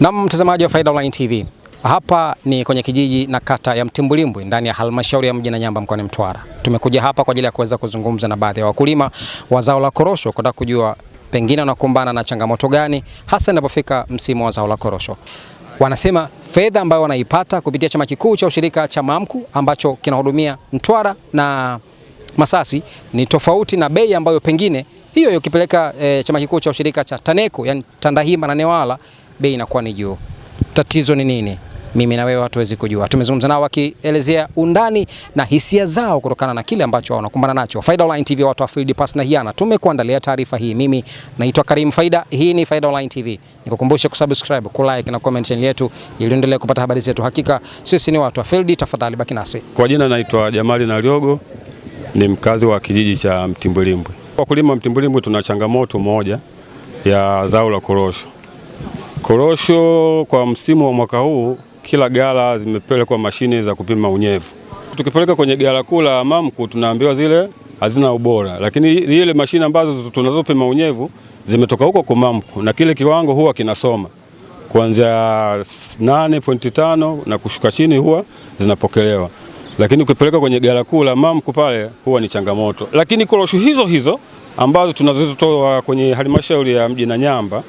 Na mtazamaji wa Faida Online TV, hapa ni kwenye kijiji na kata ya Mtimbulimbwi ndani ya halmashauri ya mji Nanyamba mkoani Mtwara. Tumekuja hapa kwa ajili ya kuweza kuzungumza na baadhi ya wakulima wa zao la korosho kutaka kujua pengine wanakumbana na changamoto gani hasa inapofika msimu wa zao la korosho. Wanasema fedha ambayo wanaipata kupitia chama kikuu cha ushirika cha mamku ambacho kinahudumia Mtwara na Masasi ni tofauti na bei ambayo pengine hiyo hiyo kipeleka e, eh, chama kikuu cha ushirika cha TANECU yani Tandahima na Newala, bei inakuwa ni juu. Tatizo ni nini? Mimi na wewe hatuwezi kujua. Tumezungumza nao wakielezea undani na hisia zao kutokana na kile ambacho wanakumbana nacho. Faida Online TV, watu wa field pass na hiana, tumekuandalia taarifa hii. Mimi naitwa Karim Faida, hii ni Faida Online TV. Nikukumbushe kusubscribe, kulike na comment channel yetu ili uendelee kupata habari zetu. Hakika sisi ni watu wa field, tafadhali baki nasi. Kwa jina naitwa Jamali Naliogo, ni mkazi wa kijiji cha Mtimbwilimbwe. Wakulima Mtimbwilimwi tuna changamoto moja ya zao la korosho. Korosho kwa msimu wa mwaka huu, kila gala zimepelekwa mashine za kupima unyevu. Tukipeleka kwenye gala kuu la Mamku tunaambiwa zile hazina ubora, lakini ile mashine ambazo tunazopima unyevu zimetoka huko kwa Mamku na kile kiwango huwa kinasoma kuanzia 8.5 na kushuka chini huwa zinapokelewa, lakini ukipeleka kwenye gala kuu la Mamku pale huwa ni changamoto, lakini korosho hizo hizo ambazo tunazotoa kwenye halmashauri ya mji Nanyamba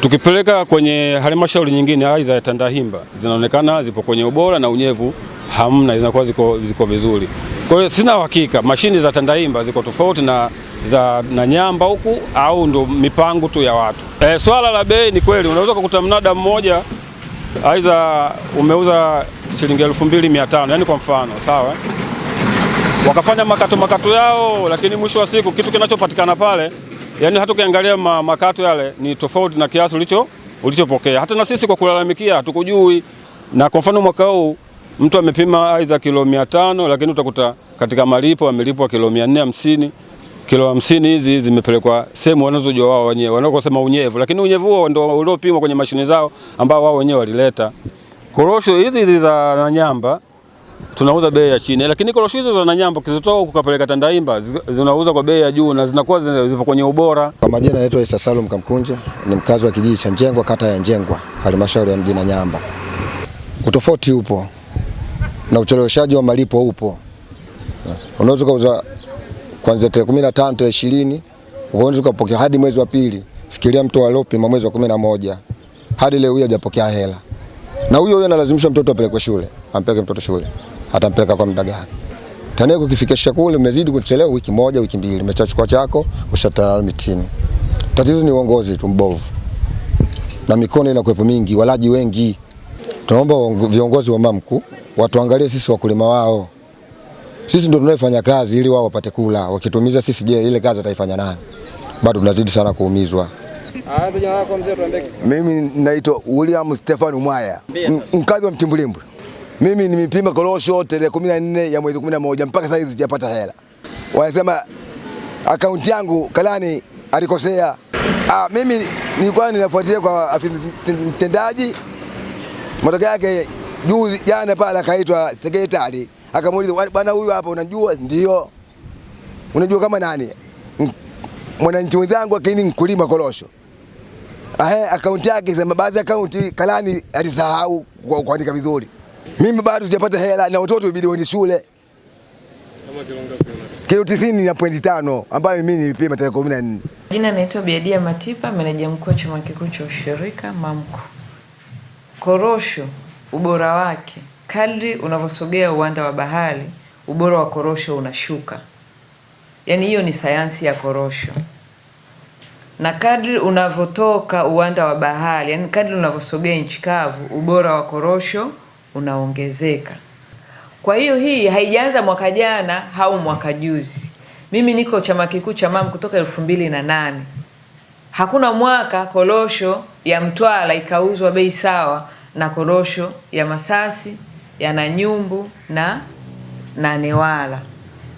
tukipeleka kwenye halmashauri nyingine, aidha ya Tandahimba, zinaonekana zipo kwenye ubora na unyevu hamna, zinakuwa ziko, ziko vizuri. Kwa hiyo sina uhakika mashine za Tandahimba ziko tofauti na za Nanyamba huku au ndo mipango tu ya watu. E, swala la bei ni kweli unaweza kukuta mnada mmoja aidha umeuza shilingi elfu mbili mia tano yani kwa mfano sawa wakafanya makato makato yao, lakini mwisho wa siku kitu kinachopatikana pale, yani hata ukiangalia ma, makato yale ni tofauti na kiasi ulicho ulichopokea. Hata na sisi kwa kulalamikia hatukujui. Na kwa mfano mwaka huu mtu amepima aidha kilo 500 lakini utakuta katika malipo amelipwa kilo 450. kilo 50 hizi zimepelekwa sehemu wanazojua wao wenyewe wanakosema unyevu, lakini unyevu huo ndio uliopimwa kwenye mashine zao ambao wao wenyewe walileta. Korosho hizi hizi za Nanyamba tunauza bei ya chini, lakini korosho hizo za nyamba huko kapeleka Tandaimba zinauza kwa bei ya juu na zinakuwa zipo kwenye ubora. Kwa majina yetu Isa Salum Kamkunje, ni mkazi wa kijiji cha Njengwa, kata ya Njengwa, halmashauri ya mji Nanyamba. Utofauti upo na ucheleweshaji wa malipo upo, unaweza kuuza kuanzia tarehe 15 tarehe 20 unaweza kupokea hadi mwezi wa pili. Fikiria mtu aliopima mwezi wa 11 hadi leo huyo hajapokea hela, na huyo huyo analazimishwa mtoto apelekwe shule ampeleke mtoto shule, atampeleka kwa muda gani? Tena kukifikisha kule umezidi kuchelewa wiki moja, wiki mbili, umechachukua chako ushatalala mitini. Tatizo ni uongozi tu mbovu na mikono inakuwepo mingi, walaji wengi. Tunaomba viongozi wa mamku watuangalie sisi wakulima wao, sisi ndio tunaofanya kazi ili wao wapate kula. Wakitumiza sisi, je, ile kazi ataifanya nani? Bado tunazidi sana kuumizwa. Mimi naitwa William Stefan Mwaya, mkazi wa Mtimbwilimbwi. Mimi nimepima korosho tarehe nne ya mwezi moja mpaka sasa sijapata hela. Wanasema akaunti yangu Kalani alikosea. Ah, mimi nilikuwa ninafuatilia kwa afisa mtendaji. Matokeo yake juzi jana pale akaitwa sekretari akamuuliza, bwana huyu hapa unajua? Ndio. Unajua kama nani? Mwananchi wenzangu akini mkulima korosho. Ahe, akaunti yake sema baadhi akaunti Kalani alisahau kuandika vizuri. Mimi bado sijapata hela na watoto ibidi waende shule. Kilo tisini na pointi tano ambayo mimi nilipima tarehe 14. na Jina naitwa Biadia Matipa, meneja mkuu wa chama kikuu cha ushirika Mamko. Korosho ubora wake kadri unavyosogea uwanda wa bahari, ubora wa korosho unashuka. Yaani hiyo ni sayansi ya korosho, na kadri unavyotoka uwanda wa bahari, yani kadri unavyosogea nchi kavu, ubora wa korosho unaongezeka. Kwa hiyo hii haijaanza mwaka jana au mwaka juzi. Mimi niko chama kikuu cha MAM kutoka elfu mbili na nane. Hakuna mwaka korosho ya Mtwara ikauzwa bei sawa na korosho ya Masasi, ya Nanyumbu na na Newala.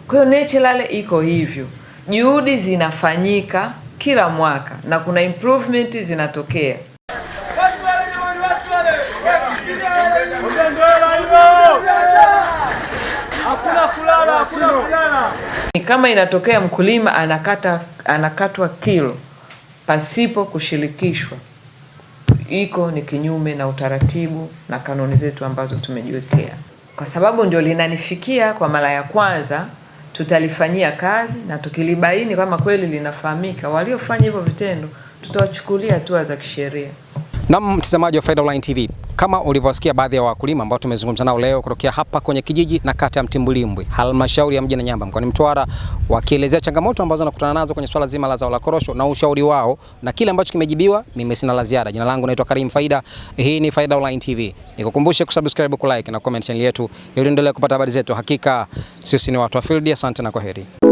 Kwa hiyo naturally iko hivyo, juhudi zinafanyika kila mwaka na kuna improvement zinatokea. Ni kama inatokea mkulima anakata anakatwa kilo pasipo kushirikishwa, iko ni kinyume na utaratibu na kanuni zetu ambazo tumejiwekea. Kwa sababu ndio linanifikia kwa mara ya kwanza, tutalifanyia kazi na tukilibaini kama kweli linafahamika, waliofanya hivyo vitendo tutawachukulia hatua za kisheria. Na mtazamaji wa Faida Online TV, kama ulivyosikia baadhi ya wakulima ambao tumezungumza nao leo kutokea hapa kwenye kijiji na kata ya Mtimbulimbwi, halmashauri ya mji na Nyamba mkoani Mtwara, wakielezea changamoto ambazo wanakutana nazo kwenye swala zima la zao la korosho na ushauri wao na kile ambacho kimejibiwa. Mimi sina la ziada. Jina langu naitwa Karim Faida, hii ni Faida Online TV. Nikukumbushe kusubscribe, kulike na comment channel yetu ili endelee kupata habari zetu. Hakika sisi ni watu wa field. Asante na kwaheri.